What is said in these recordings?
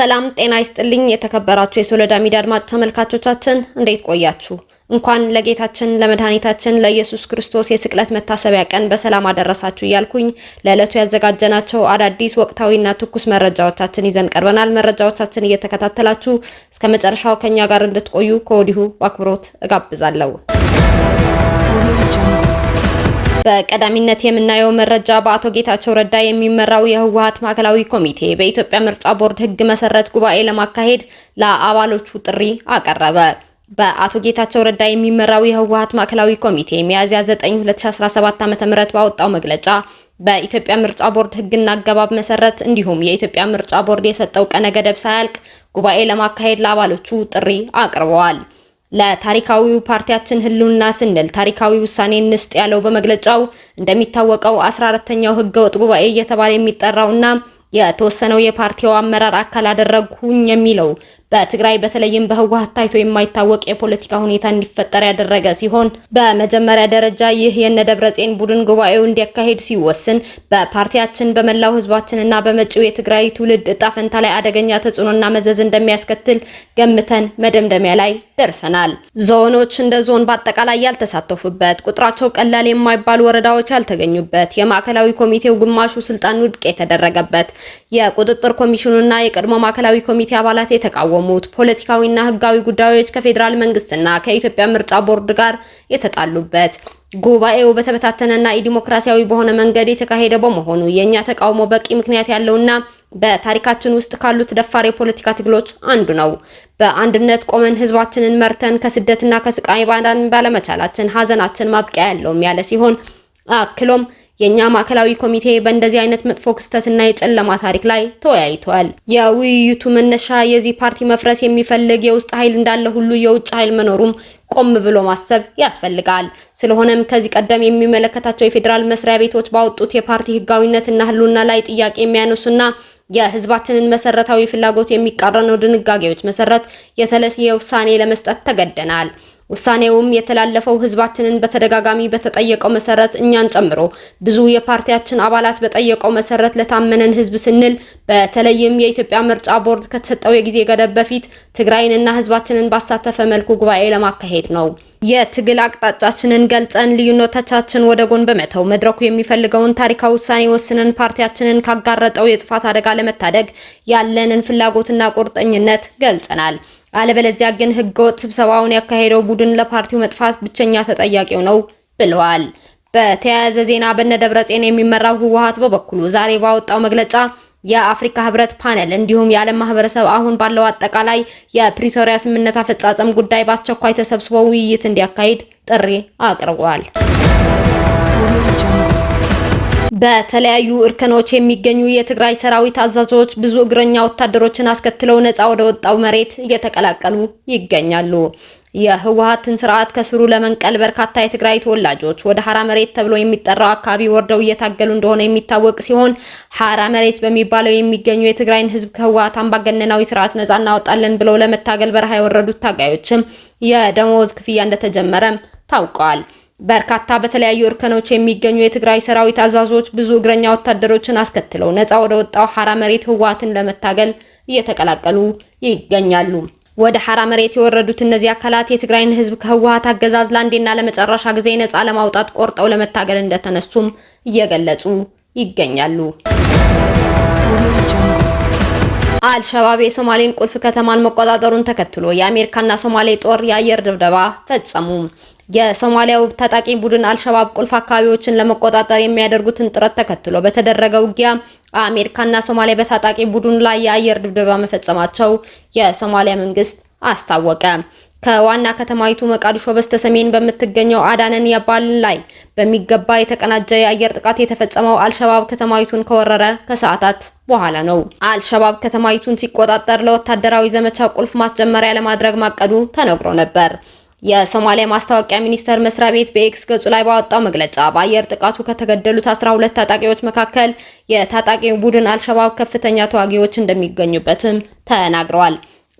ሰላም ጤና ይስጥልኝ። የተከበራችሁ የሶለዳ ሚዲያ አድማጭ ተመልካቾቻችን እንዴት ቆያችሁ? እንኳን ለጌታችን ለመድኃኒታችን ለኢየሱስ ክርስቶስ የስቅለት መታሰቢያ ቀን በሰላም አደረሳችሁ እያልኩኝ ለዕለቱ ያዘጋጀናቸው አዳዲስ ወቅታዊና ትኩስ መረጃዎቻችን ይዘን ቀርበናል። መረጃዎቻችን እየተከታተላችሁ እስከ መጨረሻው ከኛ ጋር እንድትቆዩ ከወዲሁ በአክብሮት እጋብዛለሁ። በቀዳሚነት የምናየው መረጃ በአቶ ጌታቸው ረዳ የሚመራው የህወሀት ማዕከላዊ ኮሚቴ በኢትዮጵያ ምርጫ ቦርድ ህግ መሰረት ጉባኤ ለማካሄድ ለአባሎቹ ጥሪ አቀረበ። በአቶ ጌታቸው ረዳ የሚመራው የህወሀት ማዕከላዊ ኮሚቴ ሚያዝያ 9 2017 ዓ.ም ባወጣው መግለጫ በኢትዮጵያ ምርጫ ቦርድ ህግና አገባብ መሰረት እንዲሁም የኢትዮጵያ ምርጫ ቦርድ የሰጠው ቀነ ገደብ ሳያልቅ ጉባኤ ለማካሄድ ለአባሎቹ ጥሪ አቅርበዋል። ለታሪካዊው ፓርቲያችን ህልውና ስንል ታሪካዊ ውሳኔ እንስጥ ያለው በመግለጫው እንደሚታወቀው 14ተኛው ህገወጥ ጉባኤ እየተባለ የሚጠራውና የተወሰነው የፓርቲው አመራር አካል አደረግሁኝ የሚለው በትግራይ በተለይም በህወሀት ታይቶ የማይታወቅ የፖለቲካ ሁኔታ እንዲፈጠር ያደረገ ሲሆን በመጀመሪያ ደረጃ ይህ የነደብረጼን ቡድን ጉባኤው እንዲያካሄድ ሲወስን በፓርቲያችን በመላው ህዝባችንና በመጪው የትግራይ ትውልድ እጣ ፈንታ ላይ አደገኛ ተጽዕኖና መዘዝ እንደሚያስከትል ገምተን መደምደሚያ ላይ ደርሰናል። ዞኖች እንደ ዞን በአጠቃላይ ያልተሳተፉበት፣ ቁጥራቸው ቀላል የማይባሉ ወረዳዎች ያልተገኙበት፣ የማዕከላዊ ኮሚቴው ግማሹ ስልጣን ውድቅ የተደረገበት፣ የቁጥጥር ኮሚሽኑና የቀድሞ ማዕከላዊ ኮሚቴ አባላት የተቃወሙ የተቃወሙት ፖለቲካዊና ህጋዊ ጉዳዮች ከፌዴራል መንግስትና ከኢትዮጵያ ምርጫ ቦርድ ጋር የተጣሉበት ጉባኤው በተበታተነና ኢዲሞክራሲያዊ በሆነ መንገድ የተካሄደ በመሆኑ የእኛ ተቃውሞ በቂ ምክንያት ያለውና በታሪካችን ውስጥ ካሉት ደፋር የፖለቲካ ትግሎች አንዱ ነው። በአንድነት ቆመን ህዝባችንን መርተን ከስደትና ከስቃይ ባዳን ባለመቻላችን ሀዘናችን ማብቂያ ያለውም ያለ ሲሆን አክሎም የእኛ ማዕከላዊ ኮሚቴ በእንደዚህ አይነት መጥፎ ክስተትና የጨለማ ታሪክ ላይ ተወያይቷል። የውይይቱ መነሻ የዚህ ፓርቲ መፍረስ የሚፈልግ የውስጥ ኃይል እንዳለ ሁሉ የውጭ ኃይል መኖሩም ቆም ብሎ ማሰብ ያስፈልጋል። ስለሆነም ከዚህ ቀደም የሚመለከታቸው የፌዴራል መስሪያ ቤቶች ባወጡት የፓርቲ ህጋዊነትና ህልውና ላይ ጥያቄ የሚያነሱና የህዝባችንን መሰረታዊ ፍላጎት የሚቃረነው ድንጋጌዎች መሰረት የተለየ ውሳኔ ለመስጠት ተገደናል። ውሳኔውም የተላለፈው ህዝባችንን በተደጋጋሚ በተጠየቀው መሰረት እኛን ጨምሮ ብዙ የፓርቲያችን አባላት በጠየቀው መሰረት ለታመነን ህዝብ ስንል በተለይም የኢትዮጵያ ምርጫ ቦርድ ከተሰጠው የጊዜ ገደብ በፊት ትግራይንና ህዝባችንን ባሳተፈ መልኩ ጉባኤ ለማካሄድ ነው። የትግል አቅጣጫችንን ገልጸን ልዩነቶቻችን ወደ ጎን በመተው መድረኩ የሚፈልገውን ታሪካዊ ውሳኔ ወስነን ፓርቲያችንን ካጋረጠው የጥፋት አደጋ ለመታደግ ያለንን ፍላጎትና ቁርጠኝነት ገልጸናል። አለበለዚያ ግን ህገወጥ ስብሰባውን ያካሄደው ቡድን ለፓርቲው መጥፋት ብቸኛ ተጠያቂው ነው ብለዋል። በተያያዘ ዜና በነደብረጽዮን የሚመራው ህወሓት በበኩሉ ዛሬ ባወጣው መግለጫ የአፍሪካ ህብረት ፓነል እንዲሁም የዓለም ማህበረሰብ አሁን ባለው አጠቃላይ የፕሪቶሪያ ስምምነት አፈጻጸም ጉዳይ በአስቸኳይ ተሰብስቦ ውይይት እንዲያካሂድ ጥሪ አቅርቧል። በተለያዩ እርከኖች የሚገኙ የትግራይ ሰራዊት አዛዦች ብዙ እግረኛ ወታደሮችን አስከትለው ነፃ ወደ ወጣው መሬት እየተቀላቀሉ ይገኛሉ። የህወሀትን ስርዓት ከስሩ ለመንቀል በርካታ የትግራይ ተወላጆች ወደ ሀራ መሬት ተብሎ የሚጠራው አካባቢ ወርደው እየታገሉ እንደሆነ የሚታወቅ ሲሆን ሀራ መሬት በሚባለው የሚገኙ የትግራይን ህዝብ ከህወሀት አምባገነናዊ ስርዓት ነጻ እናወጣለን ብለው ለመታገል በረሃ የወረዱት ታጋዮችም የደሞዝ ክፍያ እንደተጀመረም ታውቀዋል። በርካታ በተለያዩ እርከኖች የሚገኙ የትግራይ ሰራዊት አዛዦች ብዙ እግረኛ ወታደሮችን አስከትለው ነፃ ወደ ወጣው ሐራ መሬት ህወሓትን ለመታገል እየተቀላቀሉ ይገኛሉ። ወደ ሐራ መሬት የወረዱት እነዚህ አካላት የትግራይን ህዝብ ከህወሓት አገዛዝ ለአንዴና ለመጨረሻ ጊዜ ነፃ ለማውጣት ቆርጠው ለመታገል እንደተነሱም እየገለጹ ይገኛሉ። አልሸባብ የሶማሌን ቁልፍ ከተማን መቆጣጠሩን ተከትሎ የአሜሪካና ሶማሌ ጦር የአየር ድብደባ ፈጸሙ። የሶማሊያው ታጣቂ ቡድን አልሸባብ ቁልፍ አካባቢዎችን ለመቆጣጠር የሚያደርጉትን ጥረት ተከትሎ በተደረገ ውጊያ አሜሪካና ሶማሊያ በታጣቂ ቡድን ላይ የአየር ድብደባ መፈጸማቸው የሶማሊያ መንግስት አስታወቀ። ከዋና ከተማይቱ መቃዲሾ በስተሰሜን በምትገኘው አዳነን ያባል ላይ በሚገባ የተቀናጀ የአየር ጥቃት የተፈጸመው አልሸባብ ከተማይቱን ከወረረ ከሰዓታት በኋላ ነው። አልሸባብ ከተማይቱን ሲቆጣጠር ለወታደራዊ ዘመቻ ቁልፍ ማስጀመሪያ ለማድረግ ማቀዱ ተነግሮ ነበር። የሶማሊያ ማስታወቂያ ሚኒስቴር መስሪያ ቤት በኤክስ ገጹ ላይ ባወጣው መግለጫ በአየር ጥቃቱ ከተገደሉት 12 ታጣቂዎች መካከል የታጣቂ ቡድን አልሸባብ ከፍተኛ ተዋጊዎች እንደሚገኙበትም ተናግረዋል።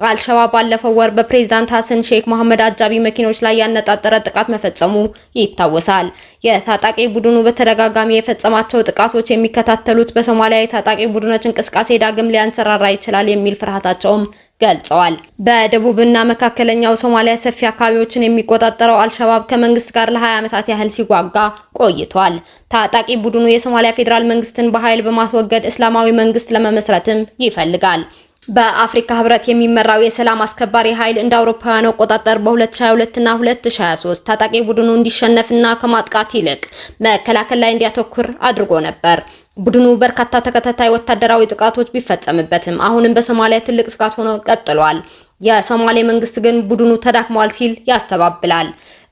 አልሸባብ ባለፈው ወር በፕሬዝዳንት ሐሰን ሼክ መሐመድ አጃቢ መኪኖች ላይ ያነጣጠረ ጥቃት መፈጸሙ ይታወሳል። የታጣቂ ቡድኑ በተደጋጋሚ የፈጸማቸው ጥቃቶች የሚከታተሉት በሶማሊያ የታጣቂ ቡድኖች እንቅስቃሴ ዳግም ሊያንሰራራ ይችላል የሚል ፍርሃታቸውም ገልጸዋል። በደቡብና መካከለኛው ሶማሊያ ሰፊ አካባቢዎችን የሚቆጣጠረው አልሸባብ ከመንግስት ጋር ለ20 ዓመታት ያህል ሲዋጋ ቆይቷል። ታጣቂ ቡድኑ የሶማሊያ ፌዴራል መንግስትን በኃይል በማስወገድ እስላማዊ መንግስት ለመመስረትም ይፈልጋል። በአፍሪካ ህብረት የሚመራው የሰላም አስከባሪ ኃይል እንደ አውሮፓውያን አቆጣጠር በ2022 እና 2023 ታጣቂ ቡድኑ እንዲሸነፍና ከማጥቃት ይልቅ መከላከል ላይ እንዲያተኩር አድርጎ ነበር። ቡድኑ በርካታ ተከታታይ ወታደራዊ ጥቃቶች ቢፈጸምበትም አሁንም በሶማሊያ ትልቅ ስጋት ሆኖ ቀጥሏል። የሶማሌ መንግስት ግን ቡድኑ ተዳክሟል ሲል ያስተባብላል።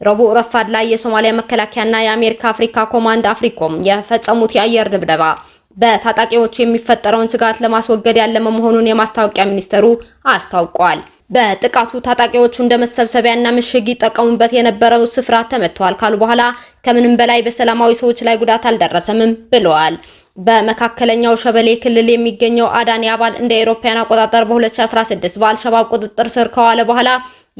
ረቡዕ ረፋድ ላይ የሶማሊያ መከላከያና የአሜሪካ አፍሪካ ኮማንድ አፍሪኮም የፈጸሙት የአየር ድብደባ በታጣቂዎቹ የሚፈጠረውን ስጋት ለማስወገድ ያለመ መሆኑን የማስታወቂያ ሚኒስተሩ አስታውቋል። በጥቃቱ ታጣቂዎቹ እንደ መሰብሰቢያና ምሽግ ይጠቀሙበት የነበረው ስፍራ ተመቷል ካሉ በኋላ ከምንም በላይ በሰላማዊ ሰዎች ላይ ጉዳት አልደረሰምም ብለዋል። በመካከለኛው ሸበሌ ክልል የሚገኘው አዳኒ አባል እንደ አውሮፓውያን አቆጣጠር በ2016 በአልሸባብ ቁጥጥር ስር ከዋለ በኋላ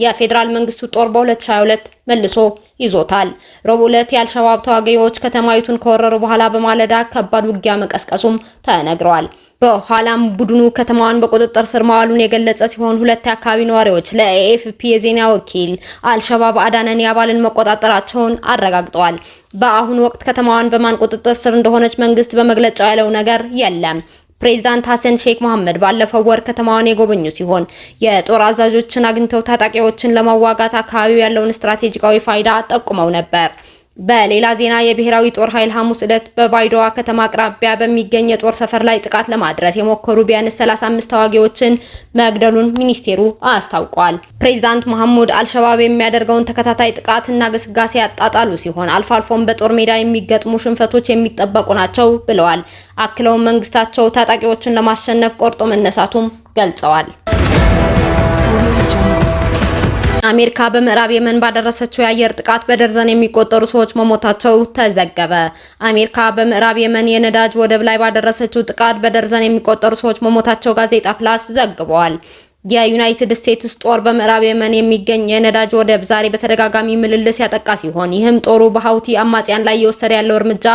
የፌዴራል መንግስቱ ጦር በ2022 መልሶ ይዞታል። ረቡዕ ዕለት የአልሸባብ ተዋጊዎች ከተማይቱን ከወረሩ በኋላ በማለዳ ከባድ ውጊያ መቀስቀሱም ተነግረዋል። በኋላም ቡድኑ ከተማዋን በቁጥጥር ስር መዋሉን የገለጸ ሲሆን ሁለት የአካባቢ ነዋሪዎች ለኤኤፍፒ የዜና ወኪል አልሸባብ አዳነን ያባልን መቆጣጠራቸውን አረጋግጠዋል። በአሁኑ ወቅት ከተማዋን በማን ቁጥጥር ስር እንደሆነች መንግስት በመግለጫው ያለው ነገር የለም። ፕሬዚዳንት ሀሰን ሼክ መሐመድ ባለፈው ወር ከተማዋን የጎበኙ ሲሆን የጦር አዛዦችን አግኝተው ታጣቂዎችን ለማዋጋት አካባቢው ያለውን ስትራቴጂካዊ ፋይዳ ጠቁመው ነበር። በሌላ ዜና የብሔራዊ ጦር ኃይል ሐሙስ ዕለት በባይዶዋ ከተማ አቅራቢያ በሚገኝ የጦር ሰፈር ላይ ጥቃት ለማድረስ የሞከሩ ቢያንስ 35 ተዋጊዎችን መግደሉን ሚኒስቴሩ አስታውቋል። ፕሬዚዳንት መሐሙድ አልሸባብ የሚያደርገውን ተከታታይ ጥቃት እና ግስጋሴ ያጣጣሉ ሲሆን አልፎ አልፎም በጦር ሜዳ የሚገጥሙ ሽንፈቶች የሚጠበቁ ናቸው ብለዋል። አክለውም መንግስታቸው ታጣቂዎችን ለማሸነፍ ቆርጦ መነሳቱም ገልጸዋል። አሜሪካ በምዕራብ የመን ባደረሰችው የአየር ጥቃት በደርዘን የሚቆጠሩ ሰዎች መሞታቸው ተዘገበ። አሜሪካ በምዕራብ የመን የነዳጅ ወደብ ላይ ባደረሰችው ጥቃት በደርዘን የሚቆጠሩ ሰዎች መሞታቸው ጋዜጣ ፕላስ ዘግበዋል። የዩናይትድ ስቴትስ ጦር በምዕራብ የመን የሚገኝ የነዳጅ ወደብ ዛሬ በተደጋጋሚ ምልልስ ያጠቃ ሲሆን ይህም ጦሩ በሀውቲ አማጽያን ላይ እየወሰደ ያለው እርምጃ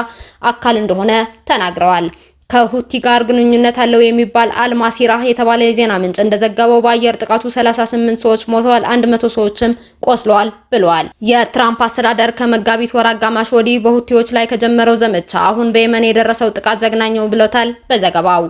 አካል እንደሆነ ተናግረዋል። ከሁቲ ጋር ግንኙነት አለው የሚባል አልማሲራ የተባለ የዜና ምንጭ እንደዘገበው በአየር ጥቃቱ 38 ሰዎች ሞተዋል፣ 100 ሰዎችም ቆስለዋል ብለዋል። የትራምፕ አስተዳደር ከመጋቢት ወር አጋማሽ ወዲህ በሁቲዎች ላይ ከጀመረው ዘመቻ አሁን በየመን የደረሰው ጥቃት ዘግናኝ ነው ብሎታል በዘገባው።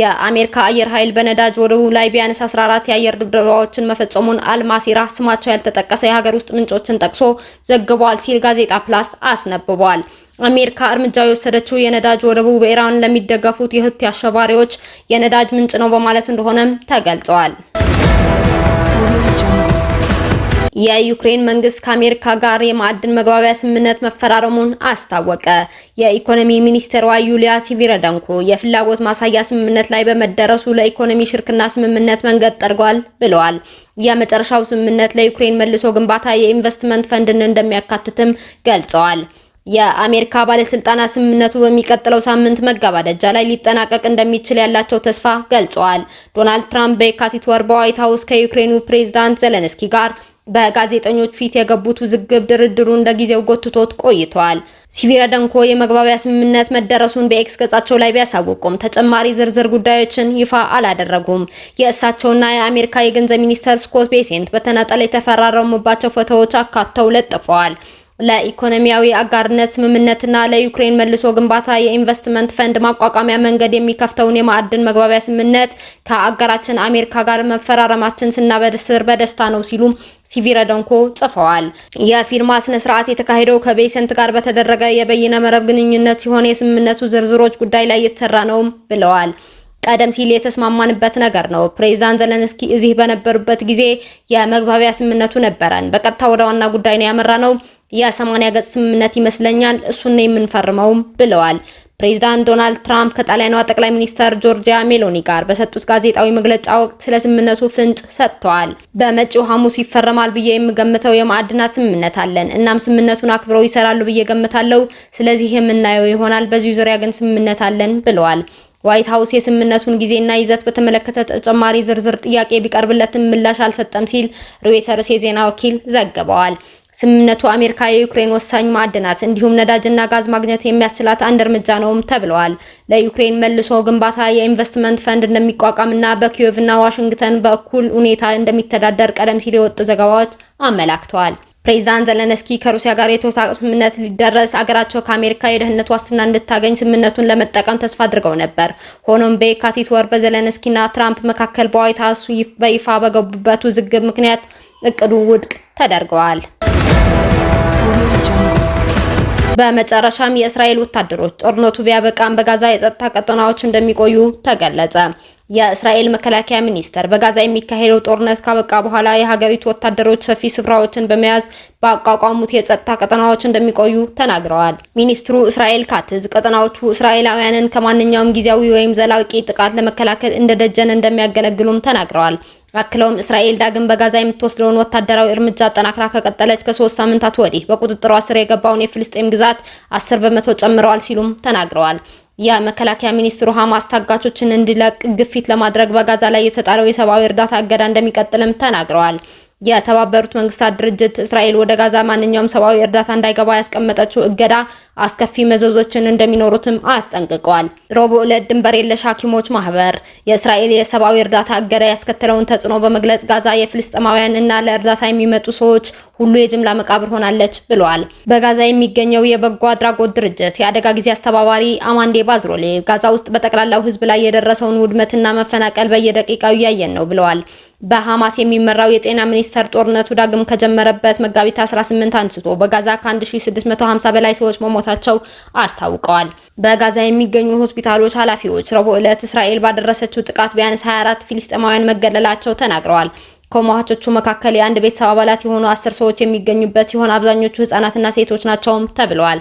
የአሜሪካ አየር ኃይል በነዳጅ ወደቡ ላይ ቢያንስ 14 የአየር ድብደባዎችን መፈጸሙን አልማሲራ ስማቸው ያልተጠቀሰ የሀገር ውስጥ ምንጮችን ጠቅሶ ዘግቧል ሲል ጋዜጣ ፕላስ አስነብቧል። አሜሪካ እርምጃው የወሰደችው የነዳጅ ወደቡ በኢራን ለሚደገፉት የህት አሸባሪዎች የነዳጅ ምንጭ ነው በማለት እንደሆነም ተገልጿል። የዩክሬን መንግስት ከአሜሪካ ጋር የማዕድን መግባቢያ ስምምነት መፈራረሙን አስታወቀ። የኢኮኖሚ ሚኒስቴሯ ዩሊያ ሲቪረደንኮ የፍላጎት ማሳያ ስምምነት ላይ በመደረሱ ለኢኮኖሚ ሽርክና ስምምነት መንገድ ጠርጓል ብለዋል። የመጨረሻው ስምምነት ለዩክሬን መልሶ ግንባታ የኢንቨስትመንት ፈንድን እንደሚያካትትም ገልጸዋል። የአሜሪካ ባለስልጣናት ስምምነቱ በሚቀጥለው ሳምንት መገባደጃ ላይ ሊጠናቀቅ እንደሚችል ያላቸው ተስፋ ገልጸዋል። ዶናልድ ትራምፕ በየካቲት ወር በዋይት ሀውስ ከዩክሬኑ ፕሬዝዳንት ዘለንስኪ ጋር በጋዜጠኞች ፊት የገቡት ውዝግብ ድርድሩን ለጊዜው ጎትቶት ቆይተዋል። ሲቪረደንኮ የመግባቢያ ስምምነት መደረሱን በኤክስ ገጻቸው ላይ ቢያሳውቁም ተጨማሪ ዝርዝር ጉዳዮችን ይፋ አላደረጉም። የእሳቸውና የአሜሪካ የገንዘብ ሚኒስተር ስኮት ቤሴንት በተናጠል የተፈራረሙባቸው ፎቶዎች አካተው ለጥፈዋል። ለኢኮኖሚያዊ አጋርነት ስምምነትና ለዩክሬን መልሶ ግንባታ የኢንቨስትመንት ፈንድ ማቋቋሚያ መንገድ የሚከፍተውን የማዕድን መግባቢያ ስምምነት ከአጋራችን አሜሪካ ጋር መፈራረማችን ስናበስር በደስታ ነው ሲሉ ሲቪረደንኮ ጽፈዋል። የፊርማ ስነ ስርዓት የተካሄደው ከቤሰንት ጋር በተደረገ የበይነ መረብ ግንኙነት ሲሆን የስምምነቱ ዝርዝሮች ጉዳይ ላይ እየተሰራ ነው ብለዋል። ቀደም ሲል የተስማማንበት ነገር ነው። ፕሬዚዳንት ዘለንስኪ እዚህ በነበሩበት ጊዜ የመግባቢያ ስምምነቱ ነበረን። በቀጥታ ወደ ዋና ጉዳይ ነው ያመራ ነው የ ገጽ ስምምነት ይመስለኛል እሱን የምንፈርመውም ብለዋል። ፕሬዚዳንት ዶናልድ ትራምፕ ከጣሊያኗ ጠቅላይ ሚኒስተር ጆርጂያ ሜሎኒ ጋር በሰጡት ጋዜጣዊ መግለጫ ወቅት ስለ ስምምነቱ ፍንጭ ሰጥተዋል። በመጪው ሐሙስ ይፈረማል ብዬ የምገምተው የማዕድናት ስምምነት አለን። እናም ስምምነቱን አክብረው ይሰራሉ ብዬ ገምታለሁ። ስለዚህ የምናየው ይሆናል። በዚሁ ዙሪያ ግን ስምምነት አለን ብለዋል። ዋይት ሀውስ የስምምነቱን ጊዜና ይዘት በተመለከተ ተጨማሪ ዝርዝር ጥያቄ ቢቀርብለትም ምላሽ አልሰጠም ሲል ሮይተርስ የዜና ወኪል ዘግበዋል። ስምምነቱ አሜሪካ የዩክሬን ወሳኝ ማዕድናት እንዲሁም ነዳጅና ጋዝ ማግኘት የሚያስችላት አንድ እርምጃ ነውም ተብለዋል። ለዩክሬን መልሶ ግንባታ የኢንቨስትመንት ፈንድ እንደሚቋቋምና በኪዮቭና ዋሽንግተን በእኩል ሁኔታ እንደሚተዳደር ቀደም ሲል የወጡ ዘገባዎች አመላክተዋል። ፕሬዚዳንት ዘለንስኪ ከሩሲያ ጋር የተኩስ ስምምነት ሊደረስ አገራቸው ከአሜሪካ የደህንነት ዋስትና እንድታገኝ ስምምነቱን ለመጠቀም ተስፋ አድርገው ነበር። ሆኖም በየካቲት ወር በዘለንስኪና ትራምፕ መካከል በዋይት ሀውስ በይፋ በገቡበት ውዝግብ ምክንያት እቅዱ ውድቅ ተደርገዋል። በመጨረሻም የእስራኤል ወታደሮች ጦርነቱ ቢያበቃም በጋዛ የጸጥታ ቀጠናዎች እንደሚቆዩ ተገለጸ። የእስራኤል መከላከያ ሚኒስቴር በጋዛ የሚካሄደው ጦርነት ካበቃ በኋላ የሀገሪቱ ወታደሮች ሰፊ ስፍራዎችን በመያዝ በአቋቋሙት የጸጥታ ቀጠናዎች እንደሚቆዩ ተናግረዋል። ሚኒስትሩ እስራኤል ካትዝ ቀጠናዎቹ እስራኤላውያንን ከማንኛውም ጊዜያዊ ወይም ዘላቂ ጥቃት ለመከላከል እንደ ደጀን እንደሚያገለግሉም ተናግረዋል። አክለውም እስራኤል ዳግም በጋዛ የምትወስደውን ወታደራዊ እርምጃ አጠናክራ ከቀጠለች ከሶስት ሳምንታት ወዲህ በቁጥጥሯ ስር የገባውን የፍልስጤም ግዛት አስር በመቶ ጨምረዋል ሲሉም ተናግረዋል። የመከላከያ ሚኒስትሩ ሐማስ ታጋቾችን እንዲለቅ ግፊት ለማድረግ በጋዛ ላይ የተጣለው የሰብአዊ እርዳታ እገዳ እንደሚቀጥልም ተናግረዋል። የተባበሩት መንግስታት ድርጅት እስራኤል ወደ ጋዛ ማንኛውም ሰብአዊ እርዳታ እንዳይገባ ያስቀመጠችው እገዳ አስከፊ መዘዞችን እንደሚኖሩትም አስጠንቅቀዋል። ረቡዕ ዕለት ድንበር የለሽ ሐኪሞች ማህበር የእስራኤል የሰብአዊ እርዳታ እገዳ ያስከተለውን ተጽዕኖ በመግለጽ ጋዛ የፍልስጥማውያን እና ለእርዳታ የሚመጡ ሰዎች ሁሉ የጅምላ መቃብር ሆናለች ብለዋል። በጋዛ የሚገኘው የበጎ አድራጎት ድርጅት የአደጋ ጊዜ አስተባባሪ አማንዴ ባዝሮሌ ጋዛ ውስጥ በጠቅላላው ህዝብ ላይ የደረሰውን ውድመትና መፈናቀል በየደቂቃው እያየን ነው ብለዋል። በሐማስ የሚመራው የጤና ሚኒስቴር ጦርነቱ ዳግም ከጀመረበት መጋቢት 18 አንስቶ በጋዛ ከ1650 በላይ ሰዎች መሞታቸው አስታውቀዋል። በጋዛ የሚገኙ ሆስፒታሎች ኃላፊዎች ረቡዕ ዕለት እስራኤል ባደረሰችው ጥቃት ቢያንስ 24 ፊልስጤማውያን መገደላቸው ተናግረዋል። ከሟቾቹ መካከል የአንድ ቤተሰብ አባላት የሆኑ አስር ሰዎች የሚገኙበት ሲሆን አብዛኞቹ ህጻናትና ሴቶች ናቸውም ተብለዋል።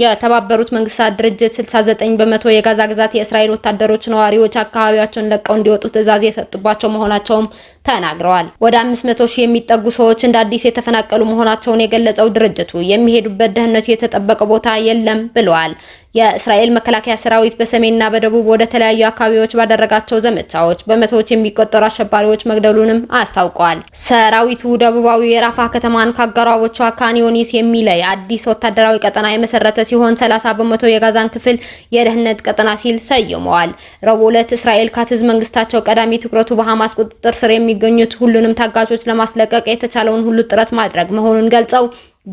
የተባበሩት መንግስታት ድርጅት 69 በመቶ የጋዛ ግዛት የእስራኤል ወታደሮች ነዋሪዎች አካባቢያቸውን ለቀው እንዲወጡ ትዕዛዝ የሰጡባቸው መሆናቸውም ተናግረዋል። ወደ 500 ሺህ የሚጠጉ ሰዎች እንደ አዲስ የተፈናቀሉ መሆናቸውን የገለጸው ድርጅቱ የሚሄዱበት ደህንነቱ የተጠበቀ ቦታ የለም ብለዋል። የእስራኤል መከላከያ ሰራዊት በሰሜንና በደቡብ ወደ ተለያዩ አካባቢዎች ባደረጋቸው ዘመቻዎች በመቶዎች የሚቆጠሩ አሸባሪዎች መግደሉንም አስታውቋል። ሰራዊቱ ደቡባዊ የራፋ ከተማን ከአጎራባቿ ካንዮኒስ የሚለይ አዲስ ወታደራዊ ቀጠና የመሰረተ ሲሆን 30 በመቶ የጋዛን ክፍል የደህንነት ቀጠና ሲል ሰይመዋል። ረቡዕ ዕለት እስራኤል ካትዝ መንግስታቸው ቀዳሚ ትኩረቱ በሐማስ ቁጥጥር ስር የሚገኙት ሁሉንም ታጋቾች ለማስለቀቅ የተቻለውን ሁሉ ጥረት ማድረግ መሆኑን ገልጸው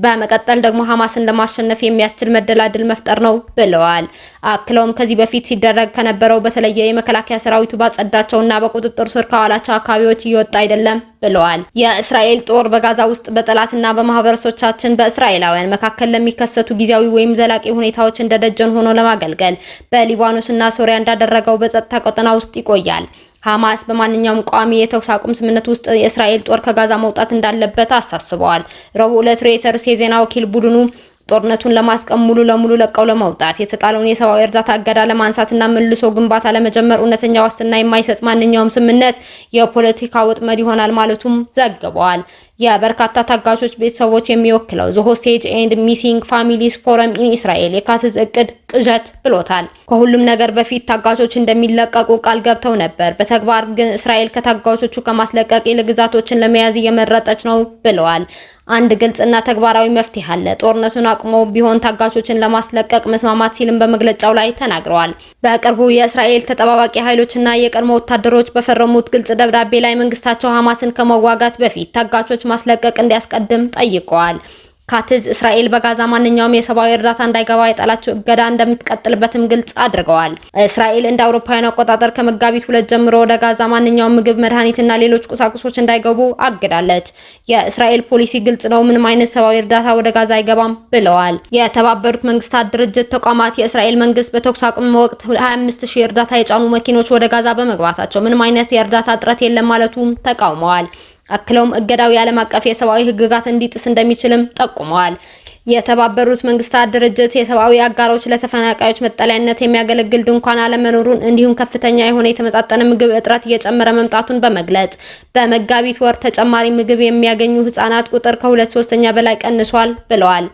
በመቀጠል ደግሞ ሐማስን ለማሸነፍ የሚያስችል መደላድል መፍጠር ነው ብለዋል። አክለውም ከዚህ በፊት ሲደረግ ከነበረው በተለየ የመከላከያ ሰራዊቱ ባጸዳቸውና በቁጥጥር ስር ካዋላቸው አካባቢዎች እየወጣ አይደለም ብለዋል። የእስራኤል ጦር በጋዛ ውስጥ በጠላትና በማህበረሰቦቻችን በእስራኤላውያን መካከል ለሚከሰቱ ጊዜያዊ ወይም ዘላቂ ሁኔታዎች እንደ ደጀን ሆኖ ለማገልገል በሊባኖስና ሶሪያ እንዳደረገው በጸጥታ ቀጠና ውስጥ ይቆያል። ሐማስ በማንኛውም ቋሚ የተኩስ አቁም ስምምነት ውስጥ የእስራኤል ጦር ከጋዛ መውጣት እንዳለበት አሳስበዋል። ረቡዕ ዕለት ሬተርስ የዜና ወኪል ቡድኑ ጦርነቱን ለማስቀም ሙሉ ለሙሉ ለቀው ለመውጣት የተጣለውን የሰብአዊ እርዳታ እገዳ ለማንሳትና መልሶ ግንባታ ለመጀመር እውነተኛ ዋስትና የማይሰጥ ማንኛውም ስምምነት የፖለቲካ ወጥመድ ይሆናል ማለቱም ዘግበዋል። የበርካታ ታጋቾች ቤተሰቦች የሚወክለው ዘ ሆስቴጅ ኤንድ ሚሲንግ ፋሚሊስ ፎረም ኢን እስራኤል የካትዝ እቅድ ቅዠት ብሎታል። ከሁሉም ነገር በፊት ታጋቾች እንደሚለቀቁ ቃል ገብተው ነበር፣ በተግባር ግን እስራኤል ከታጋቾቹ ከማስለቀቅ ይልቅ ግዛቶችን ለመያዝ እየመረጠች ነው ብለዋል። አንድ ግልጽና ተግባራዊ መፍትሄ አለ። ጦርነቱን አቁሞ ቢሆን ታጋቾችን ለማስለቀቅ መስማማት ሲልም በመግለጫው ላይ ተናግረዋል። በቅርቡ የእስራኤል ተጠባባቂ ኃይሎችና የቀድሞ ወታደሮች በፈረሙት ግልጽ ደብዳቤ ላይ መንግስታቸው ሐማስን ከመዋጋት በፊት ታጋቾች ማስለቀቅ እንዲያስቀድም ጠይቀዋል። ካትዝ እስራኤል በጋዛ ማንኛውም የሰብአዊ እርዳታ እንዳይገባ የጣላቸው እገዳ እንደምትቀጥልበትም ግልጽ አድርገዋል። እስራኤል እንደ አውሮፓውያን አቆጣጠር ከመጋቢት ሁለት ጀምሮ ወደ ጋዛ ማንኛውም ምግብ፣ መድኃኒትና ሌሎች ቁሳቁሶች እንዳይገቡ አግዳለች። የእስራኤል ፖሊሲ ግልጽ ነው፣ ምንም አይነት ሰብአዊ እርዳታ ወደ ጋዛ አይገባም ብለዋል። የተባበሩት መንግስታት ድርጅት ተቋማት የእስራኤል መንግስት በተኩስ አቁም ወቅት 25 ሺህ እርዳታ የጫኑ መኪኖች ወደ ጋዛ በመግባታቸው ምንም አይነት የእርዳታ እጥረት የለም ማለቱም ተቃውመዋል። አክለውም እገዳው የዓለም አቀፍ የሰብአዊ ህግጋት እንዲጥስ እንደሚችልም ጠቁመዋል። የተባበሩት መንግስታት ድርጅት የሰብአዊ አጋሮች ለተፈናቃዮች መጠለያነት የሚያገለግል ድንኳን አለመኖሩን እንዲሁም ከፍተኛ የሆነ የተመጣጠነ ምግብ እጥረት እየጨመረ መምጣቱን በመግለጽ በመጋቢት ወር ተጨማሪ ምግብ የሚያገኙ ህጻናት ቁጥር ከሁለት ሶስተኛ በላይ ቀንሷል ብለዋል።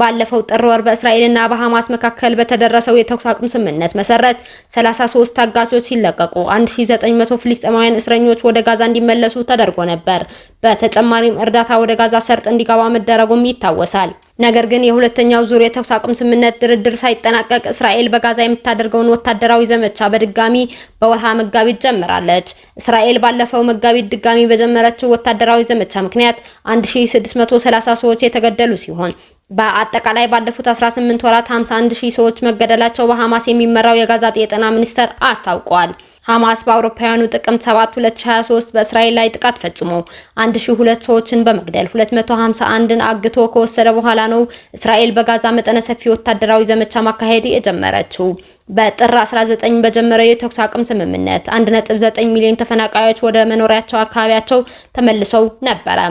ባለፈው ጥር ወር በእስራኤልና በሐማስ መካከል በተደረሰው የተኩስ አቁም ስምምነት መሰረት 33 ታጋቾች ሲለቀቁ 1900 ፍልስጤማውያን እስረኞች ወደ ጋዛ እንዲመለሱ ተደርጎ ነበር። በተጨማሪም እርዳታ ወደ ጋዛ ሰርጥ እንዲገባ መደረጉም ይታወሳል። ነገር ግን የሁለተኛው ዙር የተኩስ አቁም ስምምነት ድርድር ሳይጠናቀቅ እስራኤል በጋዛ የምታደርገውን ወታደራዊ ዘመቻ በድጋሚ በወርሃ መጋቢት ጀምራለች። እስራኤል ባለፈው መጋቢት ድጋሚ በጀመረችው ወታደራዊ ዘመቻ ምክንያት 1630 ሰዎች የተገደሉ ሲሆን በአጠቃላይ ባለፉት 18 ወራት 51 ሺህ ሰዎች መገደላቸው በሐማስ የሚመራው የጋዛ የጤና ሚኒስቴር አስታውቋል። ሐማስ በአውሮፓውያኑ ጥቅምት 7 2023 በእስራኤል ላይ ጥቃት ፈጽሞ 1002 ሰዎችን በመግደል 251ን አግቶ ከወሰደ በኋላ ነው እስራኤል በጋዛ መጠነ ሰፊ ወታደራዊ ዘመቻ ማካሄድ የጀመረችው። በጥር 19 በጀመረው የተኩስ አቅም ስምምነት 1.9 ሚሊዮን ተፈናቃዮች ወደ መኖሪያቸው አካባቢያቸው ተመልሰው ነበረ።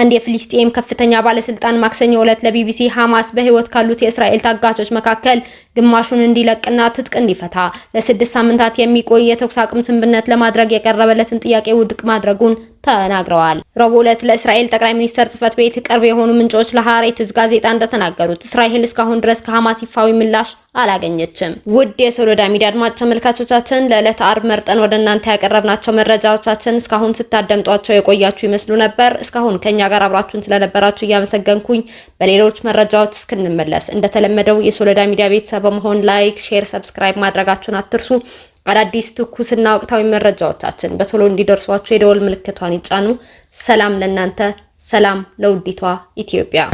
አንድ የፍልስጤም ከፍተኛ ባለስልጣን ማክሰኞ ዕለት ለቢቢሲ ሐማስ በህይወት ካሉት የእስራኤል ታጋቾች መካከል ግማሹን እንዲለቅና ትጥቅ እንዲፈታ ለስድስት ሳምንታት የሚቆይ የተኩስ አቁም ስምምነት ለማድረግ የቀረበለትን ጥያቄ ውድቅ ማድረጉን ተናግረዋል። ረቡዕ ዕለት ለእስራኤል ጠቅላይ ሚኒስተር ጽህፈት ቤት ቅርብ የሆኑ ምንጮች ለሀሬትዝ ጋዜጣ እንደተናገሩት እስራኤል እስካሁን ድረስ ከሐማስ ይፋዊ ምላሽ አላገኘችም። ውድ የሶሎዳ ሚዲያ አድማጭ ተመልካቾቻችን ለዕለት አርብ መርጠን ወደ እናንተ ያቀረብናቸው መረጃዎቻችን እስካሁን ስታደምጧቸው የቆያችሁ ይመስሉ ነበር። እስካሁን ከኛ ጋር አብራችሁን ስለነበራችሁ እያመሰገንኩኝ በሌሎች መረጃዎች እስክንመለስ እንደተለመደው የሶሎዳ ሚዲያ ቤተሰብ በመሆን ላይክ፣ ሼር፣ ሰብስክራይብ ማድረጋችሁን አትርሱ። አዳዲስ ትኩስና ወቅታዊ መረጃዎቻችን በቶሎ እንዲደርሷቸው የደወል ምልክቷን ይጫኑ። ሰላም ለእናንተ፣ ሰላም ለውዲቷ ኢትዮጵያ።